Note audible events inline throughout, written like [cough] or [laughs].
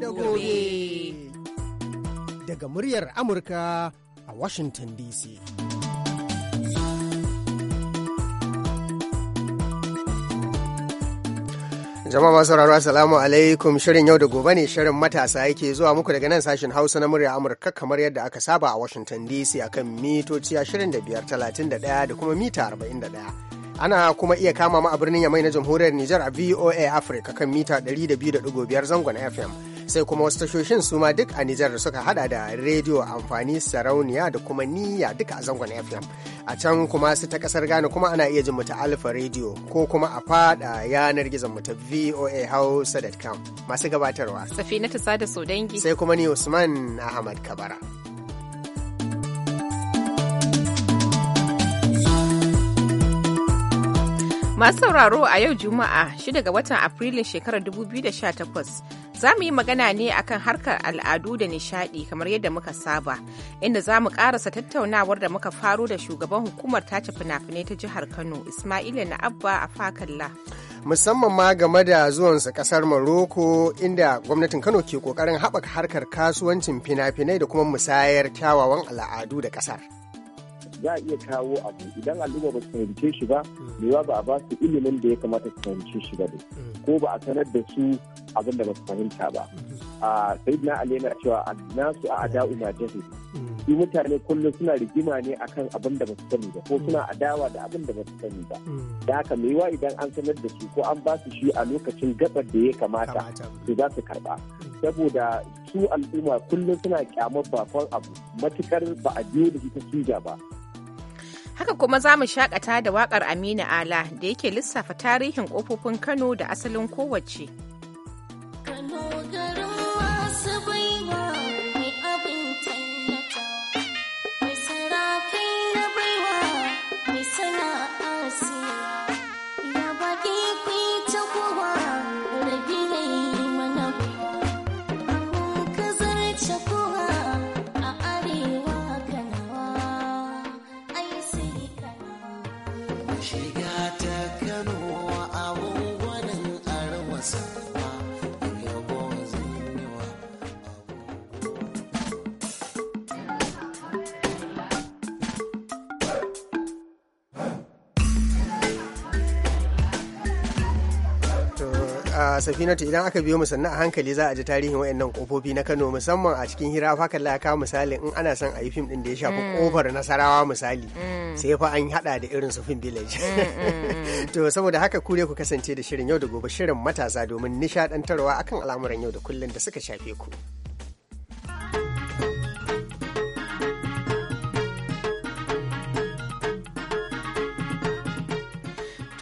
da gobe. Daga muryar Amurka a Washington DC. Jama'a masu sauraro Assalamu alaikum shirin yau da gobe ne shirin matasa yake zuwa muku daga nan sashen Hausa na murya Amurka kamar yadda aka saba a Washington DC akan mitoci 25, 31 da kuma mita 41. ana kuma iya kama mu a birnin yamai na jamhuriyar Nijar a VOA Africa kan mita biyar zangon FM sai kuma wasu tashoshin su ma duk a Nijar da suka hada da rediyo amfani sarauniya da kuma niyya duka a zangon FM. A can kuma su ta kasar Ghana kuma ana iya jin mu ta Alfa rediyo ko kuma a fada yanar gizon mu ta voahausa.com masu gabatarwa. Safina ta sada dangi. Sai kuma ni Usman Ahmad Kabara. Masu sauraro a yau Juma'a 6 ga watan Afrilun shekarar 2018 za mu yi magana ne akan harkar al'adu da nishadi kamar yadda muka saba inda za mu karasa tattaunawar da muka faro da shugaban hukumar tace fina-finai ta jihar kano ismaila na abba a fakalla musamman ma game da zuwansa kasar maroko inda gwamnatin kano ke kokarin haɓaka harkar kasuwancin fina-finai da kuma musayar kyawawan al'adu da kasar za a iya kawo abu idan al'umma ba su fahimce shi ba mm. mewa ba a ba su ilimin da ya kamata su fahimce shi ba ne mm. ko ba a sanar da su abin da ba su fahimta ba mm. a sayyidina na alena cewa nasu a ada'u na jahi su mutane kullum suna rigima ne akan abin da ba su sani ba ko suna adawa da abin da ba su sani ba da haka wa idan an sanar da su ko an ba su shi a lokacin gabar da ya kamata su za su karba saboda su al'umma kullum suna kyamar bakon abu matukar ba a biyo da ita suja ba Haka kuma za mu shakata da waƙar Aminu Ala da yake lissafa tarihin ƙofofin Kano da asalin kowace. a safinatu idan aka biyo mu sannan a hankali za a ji tarihin wayannan kofofi na Kano musamman a cikin hira fa kalla ka misali in ana son a yi fim din da ya shafi kofar mm. Nasarawa misali mm. sai fa an hada da irin su fim village mm, [laughs] to saboda haka kure ku kasance da shirin yau da gobe shirin matasa domin nishadantarwa akan al'amuran yau da kullun da suka shafe ku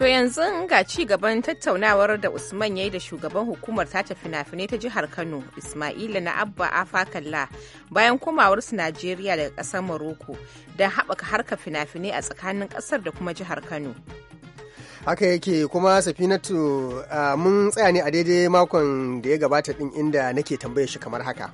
To yanzu ga ci gaban tattaunawar da Usman ya yi da shugaban hukumar tace fina-finai ta jihar Kano, Ismaila na Abba Afakalla, bayan komawarsu Najeriya daga ƙasar Morocco don haɓaka harkar fina-finai a tsakanin ƙasar da kuma jihar Kano. haka yake kuma safinatu mun tsaya ne a daidai makon da ya gabata ɗin inda nake tambaye shi kamar haka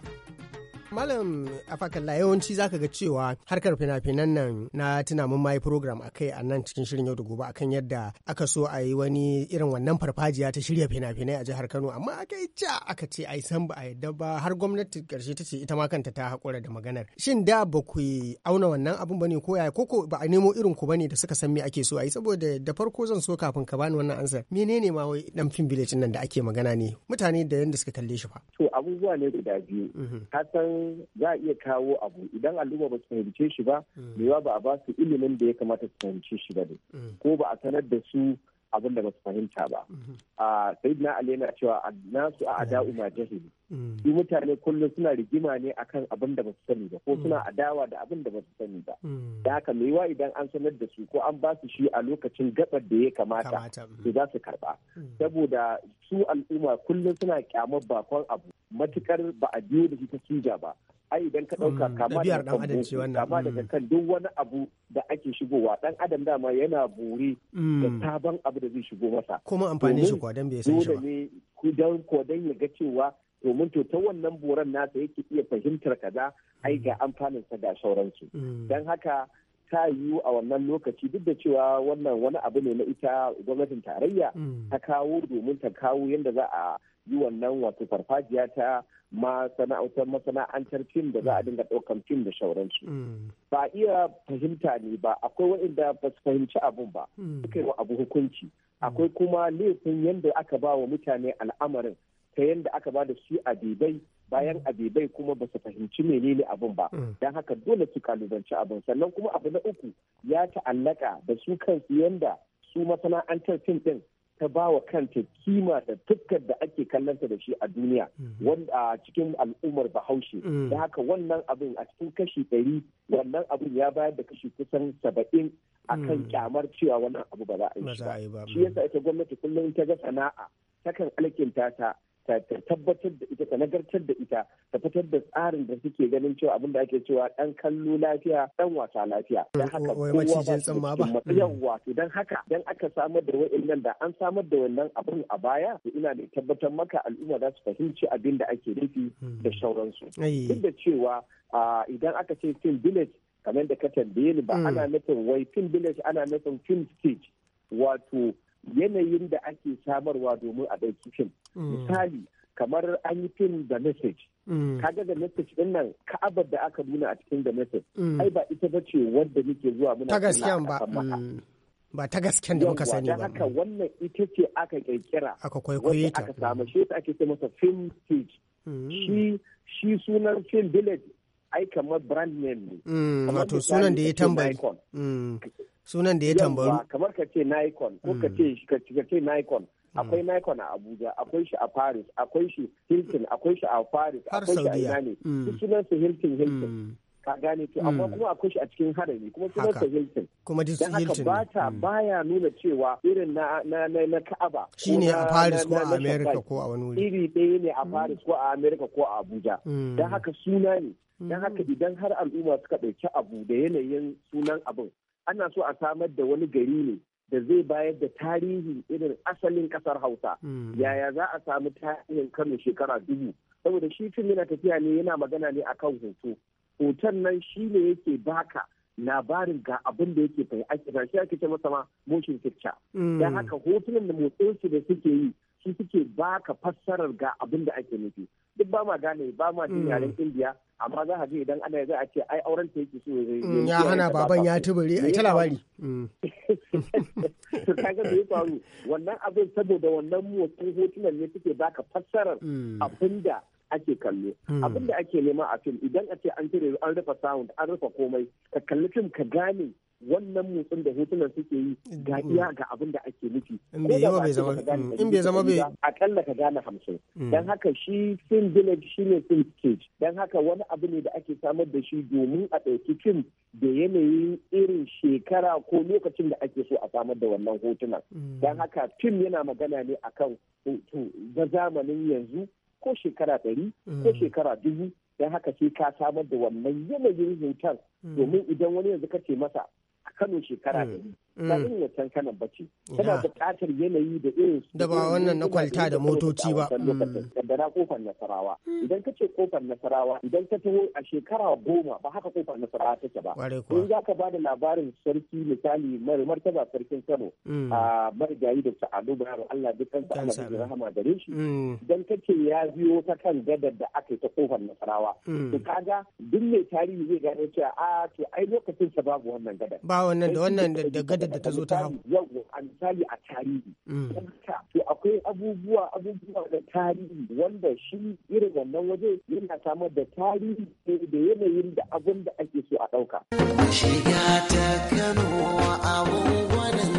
Malam Afakalla yawanci zaka ga cewa harkar fina-finan nan na tuna mun mai program kai a nan cikin shirin yau da gobe akan yadda aka so a yi wani irin wannan farfajiya ta shirya fina-finai a jihar Kano amma aka yi ca aka ce ai san ba a yadda ba har gwamnati karshe ta ce ita ma kanta ta hakura da maganar. Shin da ba ku auna wannan abun bane ko yaya koko ba a nemo irin ku bane da suka san me ake so a yi saboda da farko zan so kafin ka bani wannan ansa menene ma wai dan fim village nan da ake magana ne mutane da yanda suka kalle shi fa. To abubuwa ne guda biyu. Mm-hmm. Ka san za a iya kawo abu idan al'umma ba su fahimce shi ba mewa mm. ba a ba su ilimin da ya kamata su fahimce shi ba ne mm. ko ba a sanar da su abin da ba su fahimta ba mm-hmm. a sai na ali yana cewa nasu a ada umar mm. jahili su mutane kullum suna rigima ne akan abin da ba su sani ba ko suna adawa da abin da ba su sani ba da haka mewa idan an sanar da su ko an ba su shi a lokacin gabar da ya kamata su za su karba saboda su al'umma kullum suna kyamar bakon abu matukar ba a biyo da shi ta suja ba ai idan ka ɗauka hmm, kama daga kan kama daga kan duk wani abu da ake shigowa dan adam dama yana buri da hmm. sabon abu da zai shigo masa kuma amfani shi kwadan bai san shi ba ne kudan kodan ya ga cewa domin to ta wannan boran nasa yake iya fahimtar kaza ai ga hmm. amfanin sa da sauransu dan haka ta yiwu a wannan lokaci duk da cewa wannan wani abu ne na ita gwamnatin tarayya ta kawo domin ta kawo yadda za a yi wannan wato farfajiya ta masana'antar masana'antar fim da za a dinga ɗaukan fim da shauransu. Mm. Ba a iya fahimta ne ba akwai waɗanda ba su fahimci abun ba mm. suka yi wa abu hukunci. Mm. Akwai kuma laifin yadda aka ba wa mutane al'amarin ta yadda aka ba da su abibai bayan abibai kuma ba su fahimci menene abun ba don haka dole su kalubanci abin sannan kuma abu na uku ya ta'allaka da su kansu yadda su masana'antar fim ɗin ta ba wa kanta kima da fuskar da ake kallonta da shi a duniya mhm. a cikin al'ummar bahaushe mm. da haka wannan abin a cikin kashi ɗari wannan abin ya bayar da kashi kusan saba'in a kan mm. kyamar cewa wannan abu ba za a yi ba shi yasa ita gwamnati kullum ta ga sana'a takan alkinta ta ta tabbatar da ita ta nagartar da ita ta fitar da tsarin da suke ganin cewa abinda ake cewa dan kallo lafiya dan wasa lafiya mm, dan haka kowa ba su mm. yawa to dan haka dan aka samar da wa'annan da an samar da wannan abin a baya to ina da tabbatar maka al'umma za su fahimci abin da ake nufi da mm. sauransu duk da cewa idan aka ce film village kamar da ka tambaye ni ba ana nufin wai film village ana nufin film stage wato yanayin da ake samarwa domin a ɗauki fim mm. misali kamar an yi fim da message mm. kaga da message ɗin nan ka'abar da aka nuna a cikin da message mm. ai ba ita ba ce wadda muke zuwa muna ta gaskiyan ba ba ta gasken da muka sani ba haka wannan ita ce aka kirkira aka kwaikwaye ta aka samu shi ake ce masa film stage shi shi sunan film village ai kamar brand name ne. Wato sunan da ya tambayi. sunan da ya tambaru kamar ka ce nikon ko ka hmm. ce ka ce nikon hmm. akwai nikon a abuja akwai shi a paris akwai shi hilton akwai shi a paris akwai shi a ina ne hmm. sunan su hilton hilton ka gane to amma kuma akwai shi a cikin harami kuma sunan su Hilton kuma duk Hilton ba ta baya nuna cewa irin na na na, na Ka'aba shine a Paris ko a America ko a wani wuri iri ɗaya ne a Paris ko a America ko a Abuja dan haka suna ne dan haka idan har al'umma suka ɗauki abu da yanayin sunan abin ana so a samar da wani gari ne da zai bayar da tarihi irin asalin kasar hausa hmm. yaya za a samu tarihin kano shekara dubu saboda shi fim yana tafiya ne yana magana ne akan hoto hoton nan shi ne yake baka labarin ga abin da yake fai ake shi ake ce masa ma motion picture hmm. dan haka hotunan da motsin su da suke yi su suke baka fassarar ga abin da ake nufi duk ba ma gane ba ma jin mm. yaren indiya amma za a je idan ana za a ce ai auren ta yake so ya mm, hana baban ya tubure ai ta labari [laughs] mm. to ka ga bai faru wannan abin saboda wannan motsin hotunan ne suke baka fassarar abin da ake kallo abin da ake nema a fim idan a ce an cire an rufe sound an rufe komai ka kalli fim ka gane wannan motsin da hotunan suke yi ga mm. iya ga abin da ake nufi in bai zama bai zama in bai zama bai akalla ka gane hamsin mm. dan haka shi film village ne film stage dan haka wani abu ne da ake samar da shi domin a ɗauki fim da yanayin irin shekara ko lokacin da ake so a samar da wannan hotunan mm. dan haka fim yana magana ne akan da zamanin yanzu ko shekara ɗari ko shekara dubu don haka sai ka samar da wannan yanayin hoton domin idan wani yanzu ka ce masa a Kano shekara eh. ɗari. ba mm. irin wancan kanan ba ce tana buƙatar yanayi da irin da ba wannan na kwalta da motoci ba na mm. kofar nasarawa mm. idan ka ce kofar nasarawa idan ka taho a shekara goma ba haka kofar nasarawa take ba in za ka ba da labarin sarki misali mara martaba sarkin kano a marigayi da sa'adu bayar allah duk kansa allah da rahama gare shi idan ka ce ya biyo ta kan gadar da aka yi ta kofar nasarawa to kaga duk mai tarihi zai gane cewa a ah, to ai lokacin sa babu wannan gadar ba wannan da wannan da al'adar da ta zo ta hau yau a misali a tarihi mm. to akwai abubuwa abubuwa da tarihi wanda shi irin wannan waje yana samar da tarihi da yanayin da abin da ake so a ɗauka. Shiga ta Kano a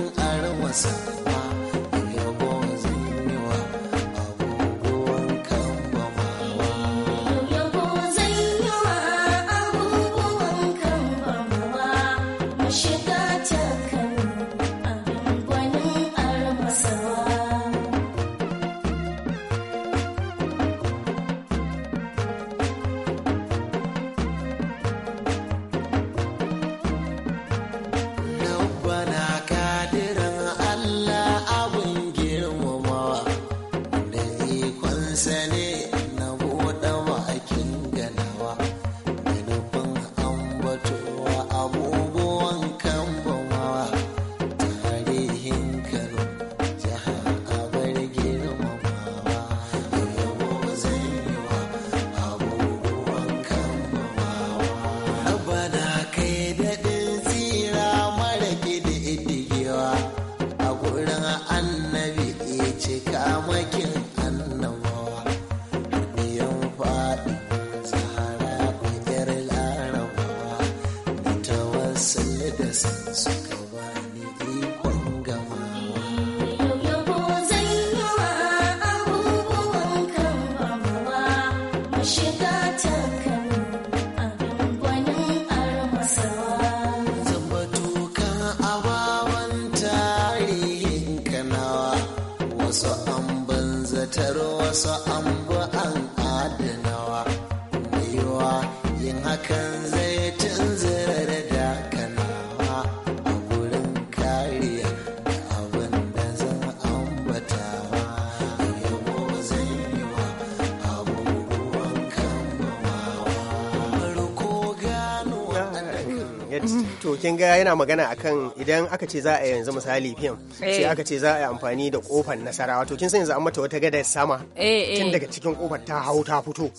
Mm-hmm. to kin ga yana magana akan idan aka ce za a yanzu misali fim eh. sai aka ce za a yi amfani da kofar nasarawa to kin san yanzu an mata wata gadar sama eh, eh. tun daga cikin kofar ta hau ta fito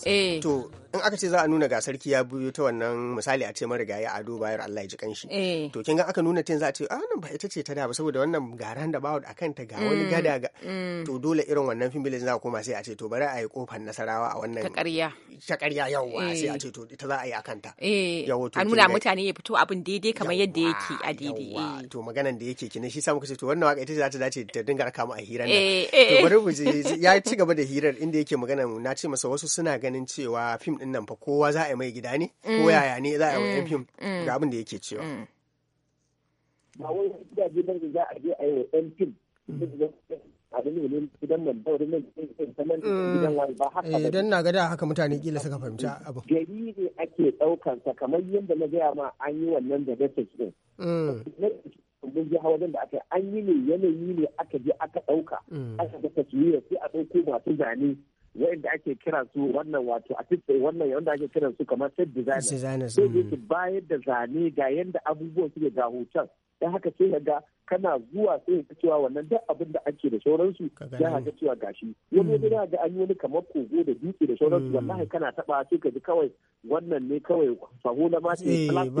to in aka ce za a nuna ga sarki ya biyo ta wannan misali a ce marigayi ado bayar Allah ya ji kanshi eh. to kin ga aka nuna tin za a ce a ah, nan ba ita ce ta da ba saboda wannan garan da bawo akan ta ga wani mm, gada ga mm. to dole irin wannan fim village za a koma sai a ce to bari a yi kofar nasarawa a wannan ta ƙarya yawa eh. sai a ce to ita za a yi akan ta a eh. nuna mutane ya fito abin daidai kamar yadda yake a daidai to maganan da yake kina shi sa muka ce to wannan waka ita ce za ta dace ta dinga raka mu a hirar nan to bari mu ya ci gaba da hirar inda yake magana na ce masa wasu suna ganin cewa fim din nan fa kowa za a yi mai gida ne ko mm. yaya ne za a yi wa mm. fim mm. ga abin da yake cewa. ba wai za a je a yi wa 'yan fim Idan eh, na gada haka mutane kila suka fahimci abu. Gari ne ake sa kamar yadda na gaya ma an yi wannan da dasa ɗin. mun ji hawa da aka an yi ne yanayi ne aka je aka ɗauka aka ga taswira sai a ɗauko masu zane wa'inda ake kira su wannan wato artist wannan wanda ake kira su kamar set designer sai dai mm. su bayar da zane ga yadda abubuwan suke ga hoton dan haka sai ga kana zuwa sai ka cewa wannan duk abin da ake da sauransu ya ga cewa gashi wani mm. ne da ga an yi wani kamar kogo da dutse da sauransu mm. wallahi kana taba sai ka ji kawai wannan ne kawai sahu na ma eh, irin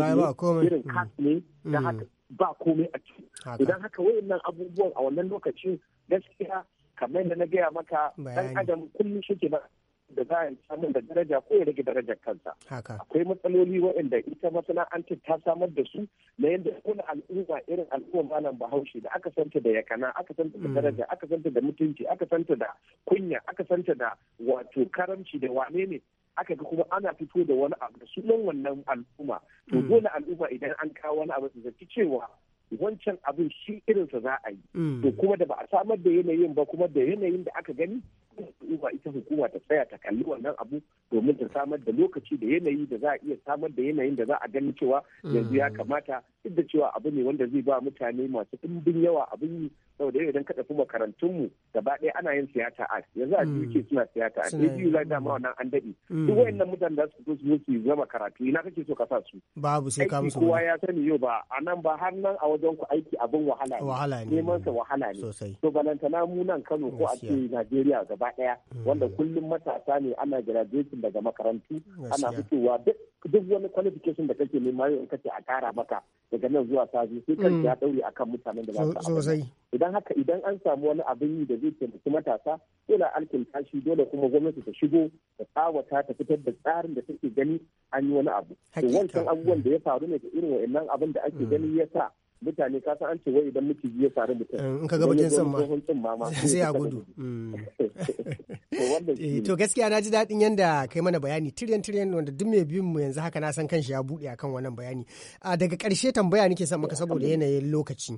ne da haka ba komai a ciki idan haka wayannan abubuwan a wannan lokacin gaskiya kamar yadda na gaya maka dan adam kullum shi ba da za a samun da daraja ko ya rage darajar kansa akwai matsaloli waɗanda ita masana'antar ta samar da su na yadda kuna al'umma irin al'umma malam bahaushe da aka santa da yakana aka santa da mm. daraja aka santa da mutunci aka santa da kunya aka santa da wato karamci da wane ne aka ga kuma ana fito da wani abu da sunan wannan al'umma to mm. dole al'umma idan an kawo wani abu su zaci cewa wancan abin shi irinsa za a yi mm. to kuma da ba a samar da yanayin ba kuma da yanayin da aka gani hukuma ita hukuma ta tsaya ta kalli wannan abu domin ta samar da lokaci da yanayi da za a iya samar da yanayin da za a gani cewa mm. yanzu ya kamata duk da cewa abu ne wanda zai ba mutane masu ɗimbin yawa abin yi saboda yau idan ka tafi mu gaba ɗaya ana yin siyasa a yanzu a hmm. UK suna siyasa a sai biyu lai dama wannan an daɗe hmm. duk wayannan mutane da su fito su su zama karatu ina kake so ka sa su babu sai ka musu kowa ya sani yau ba a nan ba har nan a wajen ku aiki abin wahala ne wahala ne neman sa wahala ne sosai to balantana mu nan Kano ko a ce Najeriya gaba ɗaya hmm. wanda kullum matasa ne ana graduation daga makarantu ana fitowa duk duk wani qualification da kake nema yau in kace a kara maka daga nan zuwa safi sai kan mm. ya daure kan mutanen da za su sosai idan haka idan an samu wani abin yi da zai taimaki matasa dole alkin tashi dole kuma gwamnati ta shigo ta tsawata ta fitar da tsarin da take gani an yi wani abu to wancan abubuwan da ya faru ne da irin wa'annan abin da ake mm. gani ya sa mutane ka san an ce wai idan miciji jiya mutum eh, in ka ga bakin san ma [laughs] sai a gudu mm. [laughs] eh, to gaskiya na ji daɗin yanda kai mana bayani tiryan tiryan wanda duk mai biyun mu yanzu haka na san shi ya buɗe akan wannan bayani ah, daga ƙarshe tambaya nake son maka saboda yanayin lokaci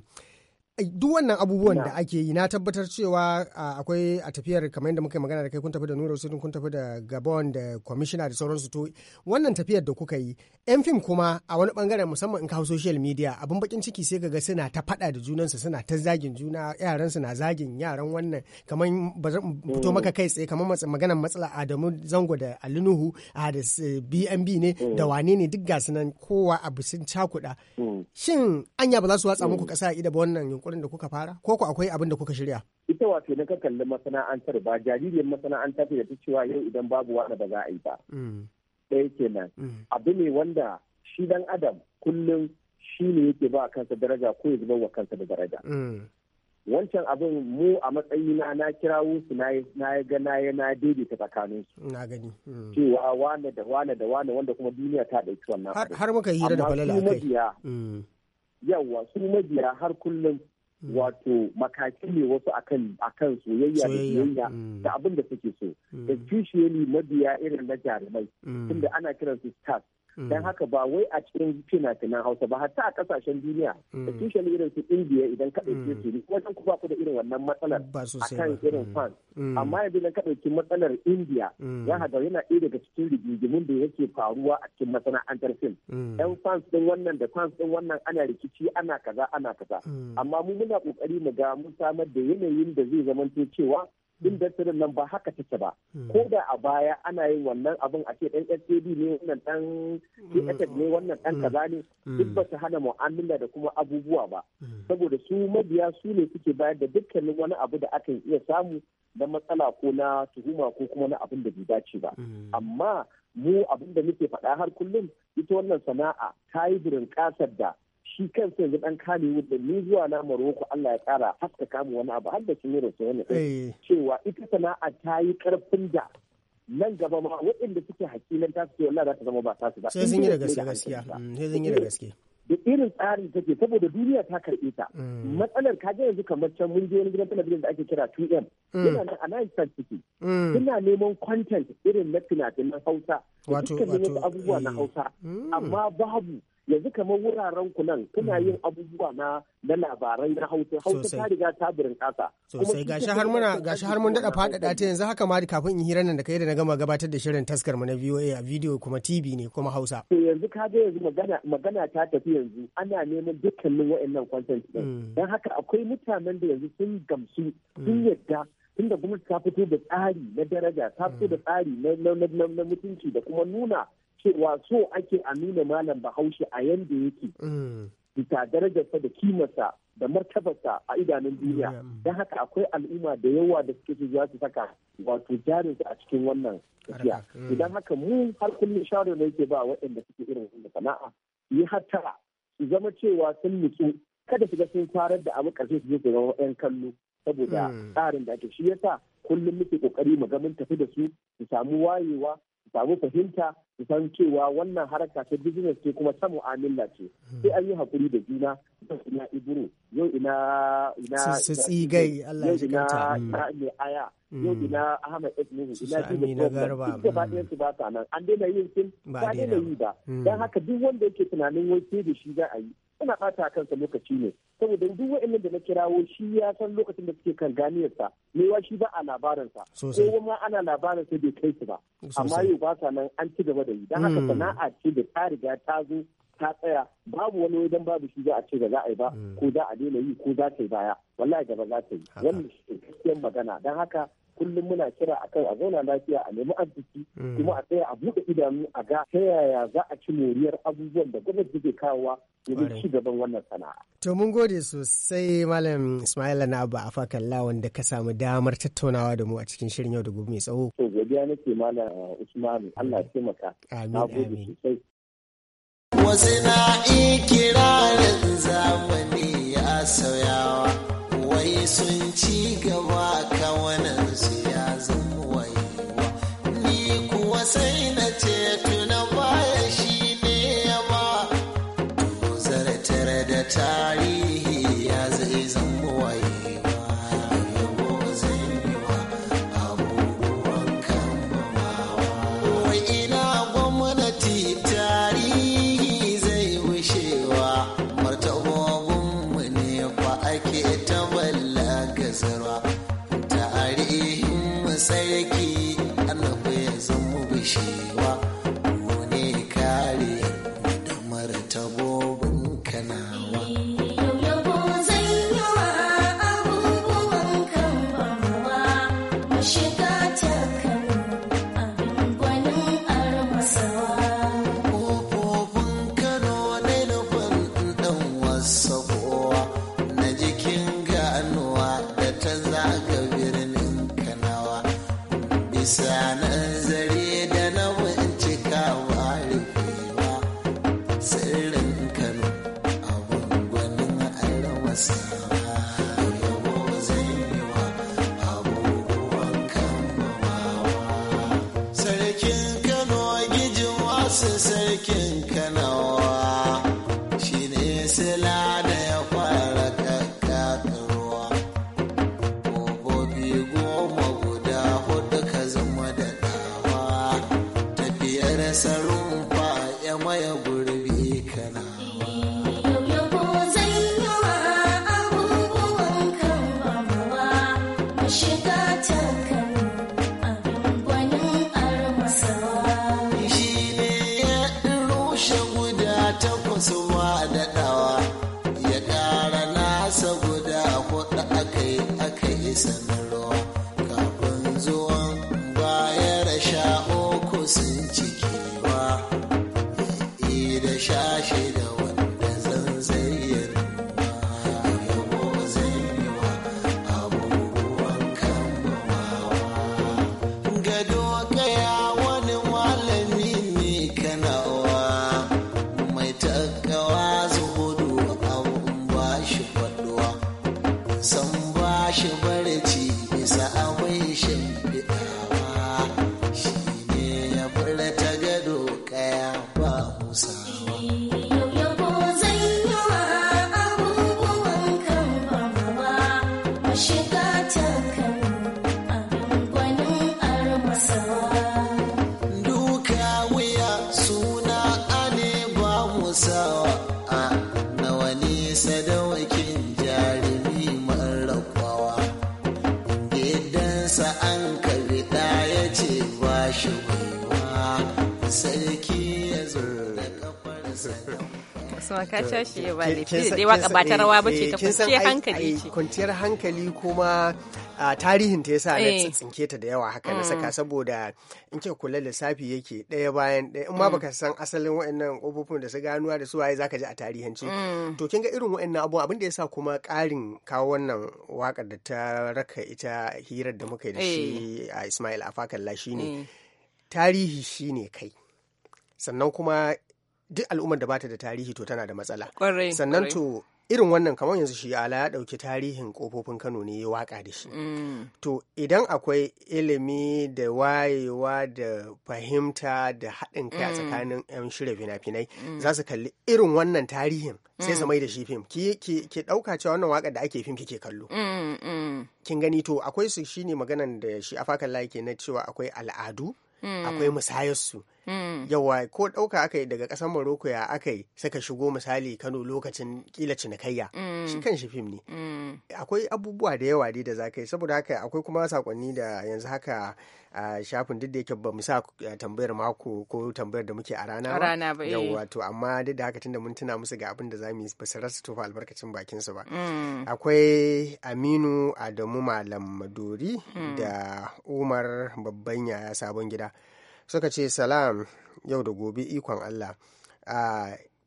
duk wannan abubuwan da ake yi na tabbatar cewa akwai a tafiyar kamar yadda muka magana da kai kun tafi da nura usudin kun tafi da gabon da kwamishina da sauransu to wannan tafiyar da kuka yi yan fim kuma a wani bangaren musamman in kawo social media abin bakin ciki sai ka ga suna ta faɗa da junansu suna ta zagin juna yaran su na zagin yaran wannan kamar ba zan fito maka kai tsaye kamar magana matsala adamu zango da alinuhu a da bnb ne mm. da wane ne duk gasu nan kowa abu sun cakuɗa mm. shin anya ba za su watsa mm. muku ƙasa a ida ba wannan yunkurin da kuka fara ko ku akwai abin da kuka shirya ita wato na kalli masana'antar ba jaririyar masana'antar da ta cewa yau idan babu wani ba za a yi ba mm. ɗaya kenan mm. abu ne wanda shi dan adam kullum shi ne yake ba kansa daraja ko ya zuba wa kansa da daraja mm. wancan abin mu a matsayina na kirawo su na ga na ya na daidaita tsakanin su na gani cewa wane da wane da wane wanda kuma duniya ta ɗauki wannan har muka hira da falala kai yawwa su mabiya har kullum Mm. wato makaki ne wasu akan akan soyayya da biyayya mm. da abinda da suke so mm. especially mabiya irin na jarumai tunda ana kiransu stars Mm. don haka ba wai a cikin fina-finan hausa ba hatta a kasashen duniya da mm. tushen irin su indiya idan ka ke mm. su wajen kuma ku da irin wannan matsalar a kan irin fan amma yanzu idan ka ke matsalar indiya ya haɗa yana ɗaya daga cikin rigigimin da yake faruwa a cikin masana'antar fim yan fans ɗin wannan da fans ɗin wannan ana rikici ana kaza ana kaza amma mu muna ƙoƙari mu ga mu samar da yanayin da zai zamanto cewa din daftarin nan ba haka take ba hmm. ko da a baya ana yin wannan abin a ce dan SAB ne wannan dan CSF ne wannan dan hmm. kaza ne hmm. duk ba su hana mu'amala da kuma abubuwa ba saboda su mabiya su ne suke bayar da dukkanin wani abu da aka iya samu na matsala ko na tuhuma ko kuma na abin da bai dace ba amma mu abin da muke faɗa har kullum ita wannan sana'a ta yi birin kasar da shi kansa yanzu dan Kaliwood da ni zuwa na maroko Allah ya kara haska kama wani abu har da sun rasu wani cewa ita sana'a ta yi karfin da nan gaba ma waɗanda suke hakilan ta suke wallah za ta zama ba su ba sai sun yi da gaske gaskiya mm, sai sun yi da gaske da irin tsarin take saboda duniya ta karɓe ta mm. matsalar ka ga yanzu kamar can mun je wani gidan talabijin da ake kira 2M mm. yana nan a san city suna neman content irin na fina-finan Hausa Wato, wato. abubuwa na eh. Hausa amma babu yanzu kamar wuraren ku nan kuna hmm. yin abubuwa na na labarai na hausa hausa ta riga ta birin kasa sosai gashi har muna gashi har mun dada fadada ta yanzu haka ma kafin in hira nan da kai da na gama gabatar da shirin taskar mu na VOA a video kuma TV ne kuma Hausa to yanzu ka ga yanzu magana magana ta tafi yanzu ana neman dukkanin wayannan content din hmm. dan haka akwai mutanen da yanzu sun gamsu sun hmm. yadda tunda gwamnati ta fito da tsari na daraja ta fito da tsari na mutunci da kuma nuna cewa so ake a nuna malam bahaushe a yanda yake mm. bisa darajarsa da kimarsa da martabarsa a idanun duniya mm. don haka akwai al'umma da yawa da suke za su saka wato jarinsu a cikin wannan tafiya mm. idan haka mu har kullum shawarar da yake ba waɗanda suke irin wannan sana'a yi hatta su zama cewa sun nutsu kada su ga sun kwarar da abu ƙarshe su je su zama 'yan kallo saboda tsarin da ake shi yasa kullum muke ƙoƙari mu ga mun tafi da su su samu wayewa samu fahimta su san cewa wannan haraka ta business ce kuma ta mu'amala ce hmm. sai an yi hakuri da juna yau ina iburu yau ina ina su tsigai Allah ya yau ina ne aya hmm. yau ina Ahmad Ibnu ina ji da garba ba ɗayan su ba ta an daina yin sin ba daina yi ba hmm. dan haka duk wanda yake tunanin wai sai da shi za a yi ina bata kansa lokaci ne saboda duk wa'annan da na kirawo shi ya san lokacin da suke kan ganiyarsa mewa shi ba a labarinsa ko kuma ana sa bai kai su ba amma yau ba sa nan an ci gaba da yi dan haka hmm. sana'a ce da ta riga ta zo ta tsaya babu wani wajen babu shi za a ce da za a yi ba hmm. ko za a daina yi ko za ta yi baya wallahi gaba za ta yi wannan shi magana dan haka kullum muna kira a kan a zauna lafiya a nemi arziki mm. kuma a tsaya a buɗe idanu a ga ta yaya za a ci moriyar abubuwan da gwamnati take kawowa domin ci gaban wannan sana'a. To mun gode sosai Malam Ismaila na Abba Afakalla wanda ka samu damar tattaunawa da mu a cikin shirin yau da gobe mai tsawo. To godiya nake Malam Usmanu Allah ya taimaka. Amin amin. Wasu na ikirarin zamani ya sauyawa. sun ci gaba kawanansu ya zama waiwa ni kuwa sai na sarki Allah ya zama bishi ka sha ba dai waka ba ta eh, rawa ba ce eh, ta kwanciyar hankali ce kwanciyar hankali kuma tarihin ta yasa na eh. tsinke ta da yawa haka na saka mm. saboda in ke kula lissafi yake ɗaya bayan ɗaya in ma mm. baka san asalin waɗannan ƙofofin da su ganuwa da su waye zaka ji a tarihin ce mm. to kin ga irin waɗannan abubuwa abin da yasa kuma ƙarin kawo wannan waƙar da ta raka ita hirar da muka yi da shi a Ismail Afakalla shine tarihi shine kai sannan kuma duk al'ummar da bata da tarihi to tana da matsala sannan to irin wannan kamar yanzu shi ala ya ɗauki tarihin kofofin kano ne ya waka da shi mm. to idan akwai ilimi da wayewa da fahimta da haɗin kai a mm. tsakanin 'yan shirya fina-finai mm. za su kalli irin wannan tarihin sai su mai da shi fim ki ɗauka cewa wannan waka da ake fim kike kallo kin gani to akwai su shine maganan da shi afakan layi ke na cewa akwai al'adu akwai musayarsu Hmm. yawa ko ɗauka aka yi daga ƙasar Morocco ya aka yi saka shigo misali Kano lokacin kila cinikayya hmm. shi kan shi fim ne hmm. akwai abubuwa da yawa dai da za ka yi saboda haka akwai kuma sakonni da yanzu haka a shafin duk da yake ba mu sa eh, tambayar mako ko tambayar da muke a rana ba rana ba eh. amma duk da haka tunda mun tuna musu ga abin da za mu yi ba su rasa tufa albarkacin bakin su ba akwai Aminu Adamu Malam Maduri da Umar babban yaya sabon gida suka ce salam yau da gobe ikon allah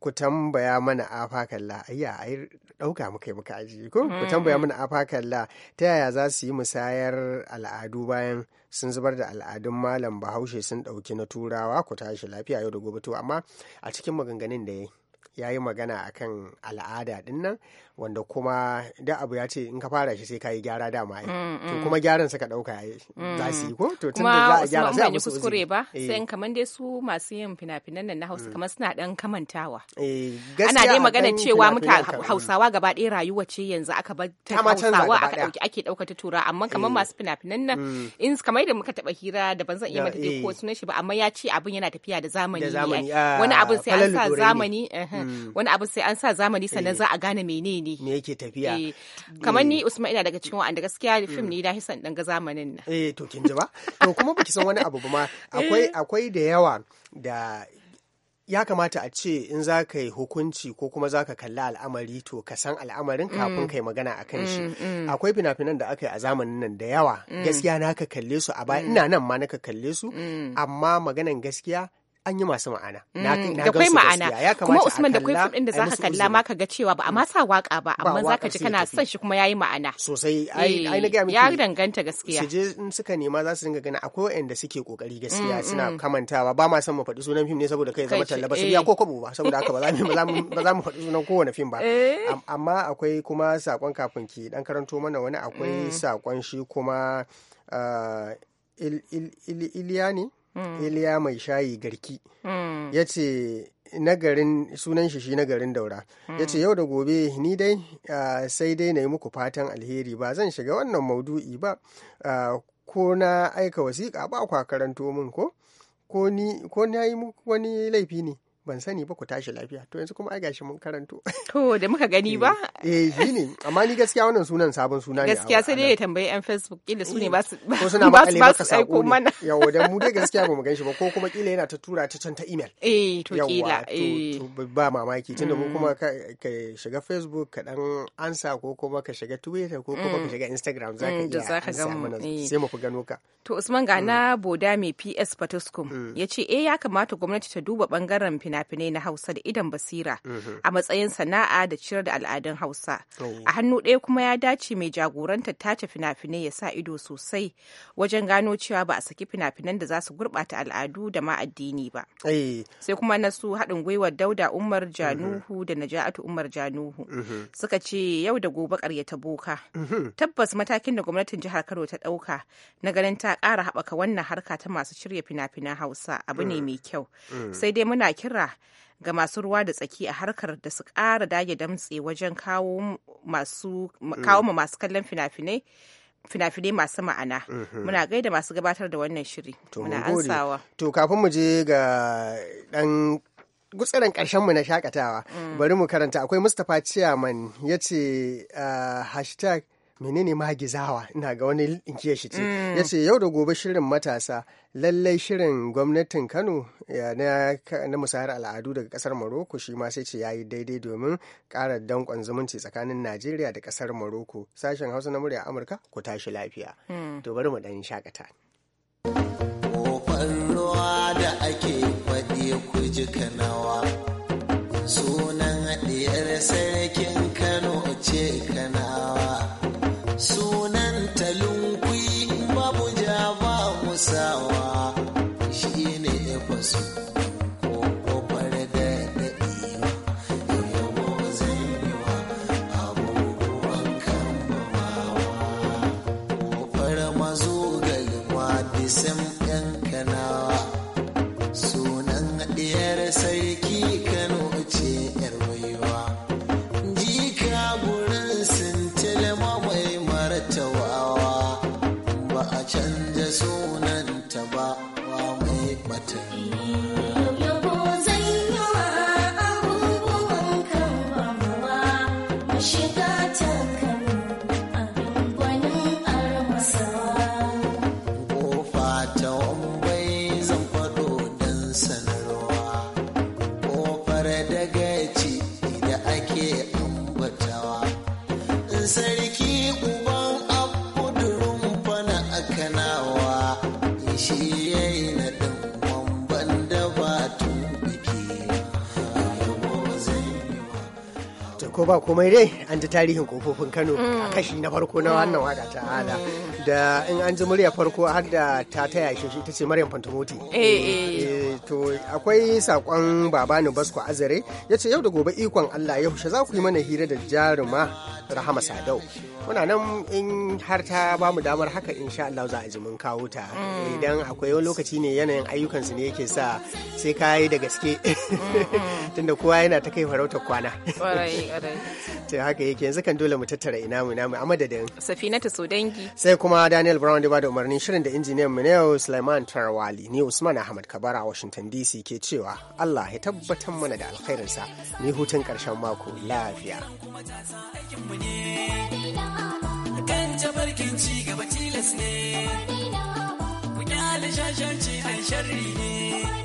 ku tambaya mana afakalla ayya ai dauka muka yi muka aji ko ku tambaya mana afakalla ta yaya za su yi musayar al'adu bayan sun zubar da al'adun malam bahaushe sun dauki na turawa ku tashi lafiya yau da gobe to amma a cikin maganganun da yayi ya yi magana akan al'ada din nan wanda kuma da abu ya ce in ka fara shi sai ka yi gyara dama ai mm, to mm. kuma gyaran suka dauka mm. za su yi ko to tun da za a gyara sai a musu kuskure ba eh. sai in kamar dai su masu yin fina-finan nan na Hausa kamar suna dan kamantawa eh, ana dai magana cewa muta Hausawa gaba ɗaya rayuwa ce yanzu aka bar ta Hausawa aka dauki ake dauka ta tura amma kamar eh. masu fina-finan nan in kamar yadda muka taba hira da ban zan iya mata dai ko sunan shi ba amma ya ce abin yana tafiya da zamani ah, wani abin sai an sa zamani Mm. wani abu sai an sa zamani sannan eh. za a gane menene me yake tafiya eh, kamar ni mm. Usman ina daga cikin wa'anda gaskiya mm. film ne na hisan dan ga zamanin na eh to kin ji ba to kuma baki san wani abu ba ma [laughs] eh. akwai akwai da yawa da ya kamata a ce in za ka yi hukunci ko kuma za ka kalli al'amari to ka san al'amarin kafin ka yi magana a kan shi akwai fina-finan da aka yi a zamanin nan da yawa gaskiya na ka kalle su a baya ina nan ma na ka kalle su amma maganan gaskiya an yi masu ma'ana. Mm, da kwai ma'ana kuma Usman da kwai fim ɗin da ka kalla ma ka ga cewa ba a masa waka ba amma za ka ji kana son shi kuma yayi ma'ana. Sosai ai na ga miki. Ya danganta gaskiya. Su je in suka nema za su dinga gani akwai waɗanda suke kokari gaskiya mm, suna mm. kamantawa ba ma san mu faɗi sunan fim ne saboda kai zama talla ba su eh. biya ko kwabo ba saboda haka ba za mu faɗi sunan kowane fim ba. Eh. Amma akwai kuma sakon kafin ki dan karanto mana wani akwai sakon shi kuma ah, Iliya ne? Mm. iliya mai shayi garki mm. ya ce nagarin sunan shi shi nagarin daura mm. ya ce yau da gobe ni dai sai dai na yi muku fatan alheri ba zan shiga wannan maudu'i ba ko na aika wasiƙa ba kwa karanto min ko ko ni yi wani laifi ne ban sani ba ku tashi lafiya to yanzu kuma ai gashi mun karanto to da muka gani ba [laughs] eh shi ne amma ni gaskiya wannan sunan sabon suna ne gaskiya sai dai ya tambayi yan facebook kila su ne eh, ba su ko suna [laughs] ba su maka sako mana [laughs] yawa dan mu dai gaskiya ba mu ganshi ba ko kuma kila yana ta tura ta can ta email eh to kila eh ba mamaki tunda mu kuma mm. ka shiga facebook ka dan ansa ko kuma ka shiga twitter ko kuma ka mm. shiga instagram zaka mm, iya ga mu eh. sai mu ku gano ka to usman Gana boda mai ps patuskum yace eh ya kamata gwamnati ta duba bangaren fina-finai na Hausa da idan basira mhm. a matsayin sana'a da ciyar da al'adun Hausa. A hannu ɗaya kuma ya dace mai jagorantar tace fina-finai ya sa ido sosai wajen gano cewa ba a saki fina-finan da za su gurɓata al'adu da ma addini ba. Eh. Sai kuma na su haɗin gwiwar Dauda Umar mhm. Januhu da Naja'atu Umar Januhu mhm. suka ce yau da gobe ƙaryata boka. Tabbas matakin da gwamnatin jihar Kano ta ɗauka na ganin ta ƙara haɓaka wannan harka ta masu shirya fina-finan Hausa abu ne mm. mai kyau. Mm. Sai dai muna kira kira ga masu ruwa da tsaki a harkar da su ƙara dage damtse wajen kawo ma masu kallon fina-finai fina-finai masu ma'ana mm-hmm. muna gaida masu gabatar da wannan shiri muna ansawa to kafin mu je ga dan gutsiran karshen mu na shakatawa mm. bari mu karanta akwai mustapha chairman ya ce ah, hashtag menene Magizawa? ina ga wani inkiya shi ce mm. ya ce yau da gobe shirin matasa lallai shirin gwamnatin kano na musayar al'adu daga kasar maroko shi ma sai ce ya yi daidai domin ƙara dankon zumunci tsakanin najeriya da kasar maroko sashen hausa na murya amurka ku tashi lafiya mm. to bari mu dan shakata ruwa da ake faɗi ku ji kanawa suna canja sunanta ba wa mai batun ko ba komai dai an ji tarihin kofofin Kano mm. a kashi na farko na wannan mm. waka ta hada da in an ji murya farko har da ta taya shi ta ce Maryam Fantamoti eh, eh. eh, to akwai sakon Babanu Basko Azare yace yau da gobe ikon Allah yaushe za ku yi mana hira da jaruma Rahama Sadau muna nan in har ta ba mu damar haka in sha Allah za a ji mun kawo ta mm. idan akwai wani lokaci ne yanayin ayyukan su ne yake sa sai ka yi da gaske mm-hmm. [laughs] tunda kowa yana ta kai farautar kwana [laughs] to haka yake yanzu kan dole mu tattara ina mu ina mu a madadin so dangi sai kuma Daniel Brown da ba da umarnin shirin da injiniyan mu ne Sulaiman Tarwali ni Usman Ahmad Kabara a Washington DC ke cewa Allah ya tabbatar mana da alkhairinsa ni hutun karshen mako lafiya Kan tabarkin ci gaba tilas ne, ku kyale shashanci ai sharri ne.